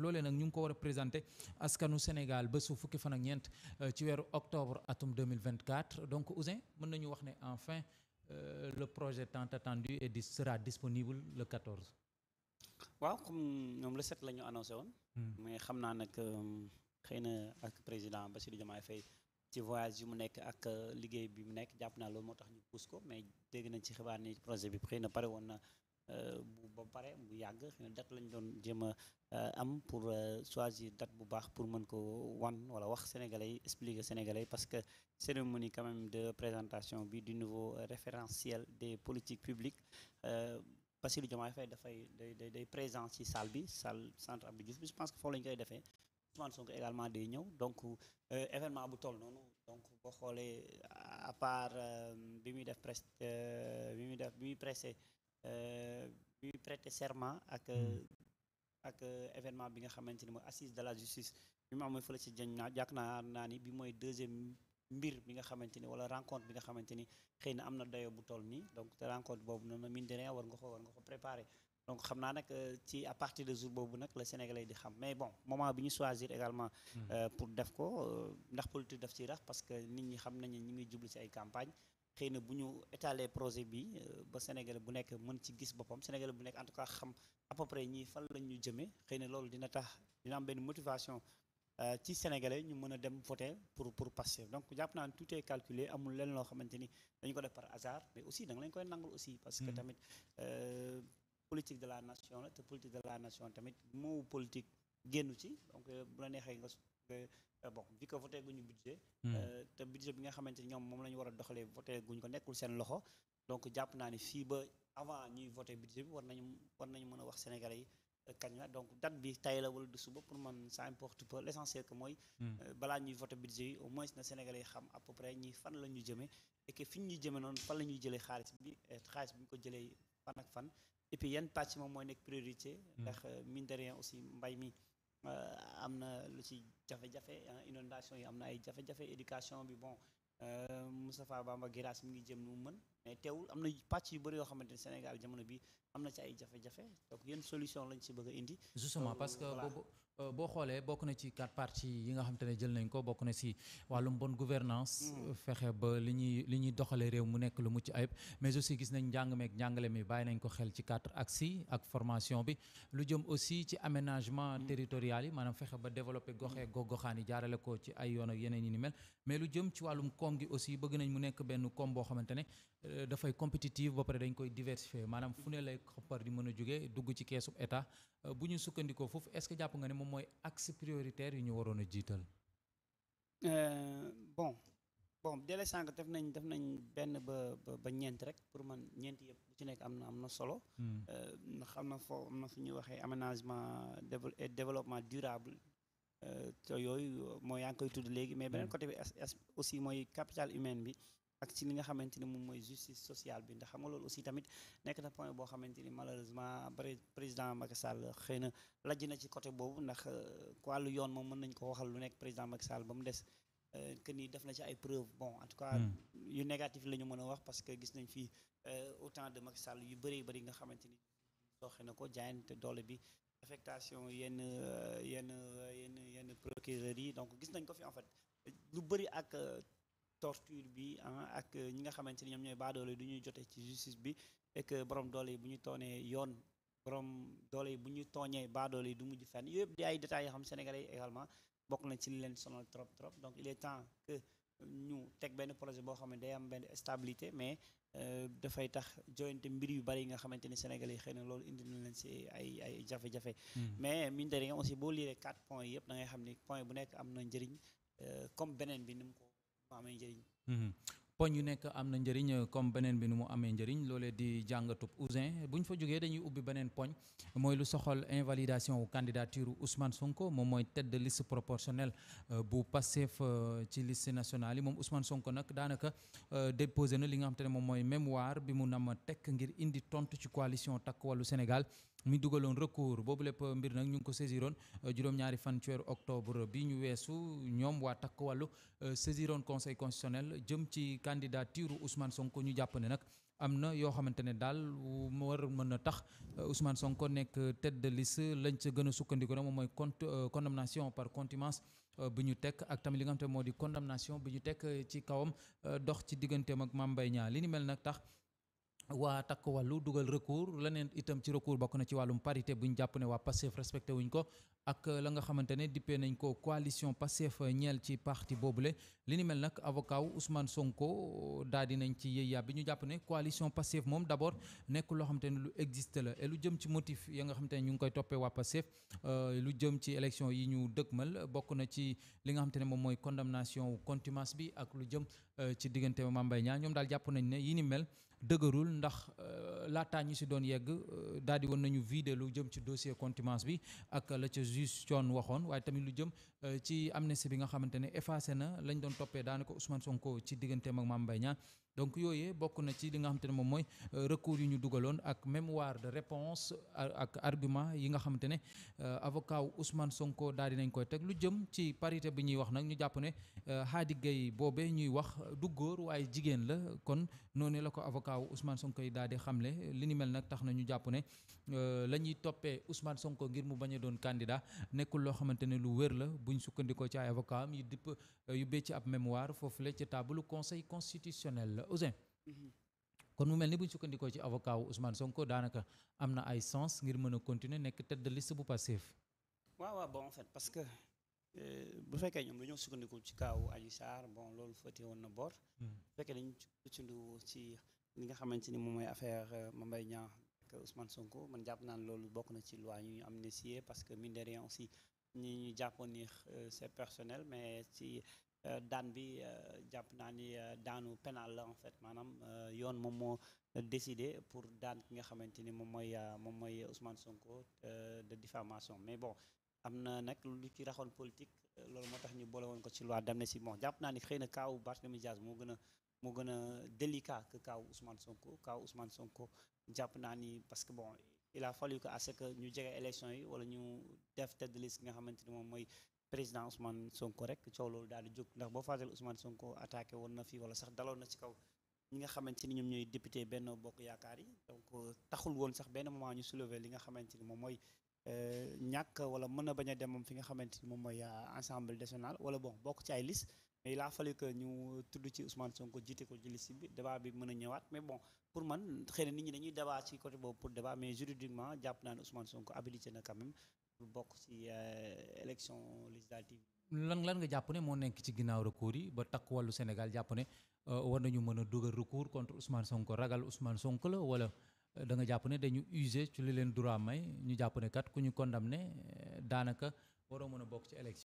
loolee nag ñu ngi ko war a présenté askanu Sénégal ba su fukki fan ak ñeent euh, ci weeru octobre atum donc Ousin mën nañu wax ne enfin euh, le projet tant attendu et di sera disponible le 14. waaw comme ñoom le 7 la ñu annoncé woon. Hmm. mais xam naa nag euh, xëy na ak président Bassirou Diomaye Faye ci voyage yi mu nekk ak liggéey bi mu nekk jàpp naa loolu moo tax ñu pousse ko mais dégg nañ ci xibaar ni projet bi xëy na pare woon na. Euh, bu ba pare bu yàgg xëy na lañ doon jéem a euh, am pour euh, choisir date bu baax pour mën ko wan wala wax sénégalais yi expliquer parce que cérémonie quand même de présentation bi du nouveau référentiel des politiques publiques Bassirou Diomaye Faye dafay day day présent ci salle bi salle centre Abdou Diouf bi je pense que foofu la ñu koy defee Ousmane Sonko également day ñëw donc événement bu toll noonu donc boo xoolee à part bi muy def presse bi muy def bi muy bi prêter serment ak hmm. ak événement bi nga xamante ni mooy assise de la justice bi mu amee fële ci jën naa jàkk naa naa ni bi mooy deuxième mbir bi nga xamante ni wala rencontre bi nga xamante ni xëy na am na dayo bu toll nii donc te rencontre boobu noonu mine de rien war nga ko war nga ko préparer donc xam naa nag euh, ci à partir de jour boobu nag la Sénégalais di xam mais bon moment bi ñu choisir également hmm. euh, pour def ko euh, ndax politique def ci rax parce que nit ñi xam nañu ñi ngi jublu ci ay campagne xëy na bu ñu étaler projet bi euh, ba Sénégal bu nekk mën ci gis boppam Sénégal bu nekk en tout cas xam à peu près ñii fan lañ ñu jëmee xëy loolu dina tax dina am benn motivation euh, ci Sénégalais ñu mën a dem voter pour pour Pastef donc jàpp naa ne tout est amul lenn loo xamante ni dañu ko def par hasard mais aussi da nga lañ koy nangul aussi. parce que hmm. tamit euh, politique de la nation la te politique de la nation tamit moo politique. génn ci donc euh, bu la neexee nga euh, bon vu que voté guñu budget hmm. euh, te budget bi nga xamante ni ñoom moom la ñu war a doxalee voté guñ ko nekkul seen loxo donc jàpp naa ni fii ba avant ñuy voté budget bi war nañu war mën a wax Sénégalais yi kañ la donc date bi tay la wala du suba pour man ça importe peu l' essentiel mooy. Hmm. balaa ñuy voté budget yi au moins na Sénégalais yi xam à ñi fan la ñuy jëmee et que fi ñuy jëmee noonu fan la ñuy jëlee xaalis bi xaalis bi ñu ko jëlee fan fan et puis pàcc moom mooy nekk priorité. Hmm. ndax mine de rien aussi mbay mi. Euh, am na lu ci jafe-jafe euh, inondation yi am na ay jafe-jafe éducation bi bon euh, Moustapha Bamba Guirass mi ngi jëm nu mu mën mais teewul am na pàcc yu bëri yoo xamante ne Sénégal jamono bi am na ci ay jafe-jafe yenn solution lañ ci bëgg a indi. justement parce que euh, boo xoolee bokk na ci quatre parties yi nga xamante ne jël nañ ko bokk na si wàllum bonne gouvernance hmm. fexe ba li ñuy li ñuy doxalee réew mu nekk lu mucc ay mais aussi gis nañ njàng meeg njàngale mi bàyyi nañ ko xel ci quatre axes yi ak formation bi lu jëm aussi ci aménagement hmm. territorial yi maanaam fexe ba développer goxee hmm. gox-goxaan yi jaarale ko ci ay yoon ak yeneen mais lu jëm ci wàllum koom gi aussi bëgg nañ mu nekk benn koom boo xamante ne Euh, dafay compétitive ba pare dañ koy diversifier maanaam fu ne lay xoppar di mën a jóge dugg ci keesub état euh, bu ñu sukkandikoo foofu est-ce que jàpp nga ne moom mooy axe prioritaire yi ñu waroon a jiital. Euh, bon bon déle sànq def nañ def nañ benn ba ba ñeent rek pour man ñeent yëpp bu ci nekk am na am na solo. ndax hmm. am na foo am fu ñuy waxee aménagement et développement durable. te yooyu mooy yaa ngi koy tudd léegi mais beneen hmm. côté bi aussi mooy capital humain bi. ak ci li nga xamante ni moom mooy justice sociale bi ndax xam nga loolu aussi tamit nekk na point boo xamante ni malheureusement président Macky Sall xëy na lajj na ci côté boobu ndax euh, wàllu yoon moom mën nañ ko waxal lu nekk président Macky Sall ba mu des euh, que ni def na ci ay preuve bon en tout cas hmm. yu négatif la ñu mën a wax parce que gis nañ fi euh, autant de Macky Sall yu bëree bëri nga xamante ni sooxe na ko jaayante doole bi affectation yenn yenn yenn yenn procureur yi donc gis nañ ko fi en fait torture bi ak euh, ñi nga xamante ni ñoom ñooy baadoole du ñuy jotee ci justice bi et que euh, doole yi bu ñu yoon borom doole yi bu ñu tooñee baadoole yi du mujj fenn yooyu yëpp di ay détails yoo xam Sénégalais yi également bokk na ci leen sonal trop trop donc il est temps que ñu benn projet boo xam ne day am benn stabilité mais euh, dafay tax joyante mbir yu bari yi nga xamante ni Sénégalais yi na loolu indi na leen si ay ay jafe-jafe. Hmm. mais mine de liiree quatre points yëpp da xam ni point bu nekk am na njëriñ comme beneen bi ni ko. amee njëriñ mhm. poñ yu nekk am na njëriñ comme beneen bi nu mu amee njëriñ loole di jàngatub ousin bu ñu fa jógee dañuy ubbi beneen poñ mooy lu soxal invalidation wu candidature Ousmane Sonko moom mooy tête de liste proportionnelle euh, bu Pastef euh, ci liste nationale yi moom Ousmane Sonko nag daanaka euh, déposé na li nga xam te ne moom mooy mémoire bi mu nam tekk ngir indi tontu ci coalition Takku Wallu Sénégal mu dugaloon recours boobu lépp mbir nag ñu ngi ko saisiroon euh, juróom-ñaari fan ci octobre bi ñu weesu ñoom waa takk wàllu euh, saisiroon conseil constitutionnel jëm ci candidature Ousmane Sonko ñu jàpp ne nag am na yoo xamante ne daal war mën a tax euh, Ousmane Sonko nekk tête de lañ ca gën a sukkandiku nag moom mooy condamnation par contumace bi ñu teg ak tamit li nga xam moo di condamnation bi ñu teg ci kawam dox ci digganteem ak Mame Mbaye li ni mel nag tax. waa takk wàllu dugal recours leneen itam ci recours bokk na ci wàllum parité bu ñu jàpp ne waa Pastef respecté wuñ ko ak la nga xamante ne dippee nañ ko coalition Pastef ñeel ci parti boobu boobule li ni mel nag avocat wu Ousmane Sonko daal di nañ ci yéeyaa bi ñu jàpp ne coalition Pastef moom d' abord nekk loo xamante ne lu existe la et lu jëm ci motif ya nga xamante ne ñu ngi koy toppee waa Pastef euh, lu jëm ci élection yi ñu dëgmal bokk na ci li nga xamante ne moom mooy condamnation contumace bi ak lu jëm euh, ci diggante Mame Mbaye Niang ñoom daal jàpp nañ ne yi ni mel dëgërul ndax euh, laataa ñu si doon yegg euh, daal di woon nañu vidé lu jëm ci dossier contumace bi ak la ca juge waxoon waaye tamit lu jëm euh, ci amnistie bi nga xamante ne effacé na lañ doon toppee daane ko Ousmane Sonko ci digganteem ak Mame Mbaye Niang donc yooyee bokk na ci li nga xamante ne moom mooy recours yu ñu dugaloon ak mémoire de réponse ak argument yi nga xamante ne avocat wu Ousmane Sonko daal di nañ koy teg lu jëm ci parité bi ñuy wax nag ñu jàpp ne Hady Gueye boobe ñuy wax du góor waaye jigéen la kaaw Ousmane Sonko yi daal di xamle li ni mel euh, la ñuy toppee Ousmane Sonko ngir mu bañ a doon candidat nekkul loo xamante ne lu wér la buñ sukkandikoo ci ay avocat am yu dipp euh, yu bee ci ab foofu la ci taabalu conseil constitutionnel la Ousin mm-hmm. kon mu mel ni bu sukkandikoo ci avocat wu Sonko daanaka am na ay sens ngir mën a continuer nekk tête de bu Pastef. waaw waaw parce que euh, bu fekkee ñoom dañoo sukkandiku ci kaaw Adji Sarr bon loolu fëte woon na boor. bu mm. fekkee dañu sukkandiku ci li nga xamante ni moom mooy affaire euh, Mame Mbaye Niang ak Ousmane man jàpp naan loolu bokk na ci loi ñu amnistier parce que mine de rien aussi ñi ñu jàppoon ni euh, c'est personnel mais si euh, daan bi jàpp naa ni daanu pénal la en fait maanaam yoon moom moo décidé pour daan ki nga xamante ni moom mooy moom mooy Ousmane Sonko de diffamation mais bon am na nag lu ci raxoon politique loolu moo tax ñu boole woon ko ci loi si bon jàpp naan ni xëy na kaawu Barthélémy Dias moo gën a moo gën a délicat ka kaw Ousmane Sonko kaw Ousmane Sonko jàpp naa ni parce que bon il a fallu que ñu jege élection yi wala ñu def tête de nga xamante ni moom mooy président Ousmane Sonko rek coow loolu daal di jóg ndax boo fàttali Ousmane Sonko attaqué woon na fi wala sax daloon na ci kaw ñi nga xamante ni ñoom ñooy député benn bokk yaakaar yi donc euh, taxul woon sax benn moment ñu soulever li nga xamante ni moom mooy euh, ñàkk wala mën a bañ a dem moom fi nga xamante ni moom mooy ensemble euh, national wala mais a fallu que ñu tudd ci Ousmane Sonko jiite ko ci liste bi débat bi mën a ñëwaat mais bon pour man xëy na nit ñi dañuy débat ci côté boobu pour débat mais juridiquement jàpp naa ne Ousmane Sonko na quand même pour bokk ci euh, élection législative. lan lan nga jàpp ne moo nekk ci ginnaaw recours yi ba takk wàllu Sénégal jàpp ne euh, war nañu mën a dugal recours contre Ousmane Sonko ragal Ousmane Sonko la wala euh, danga jàpp ne dañu user ci li leen droit may ñu jàpp ne ku ñu condamné daanaka waroo mën a bokk ci élection.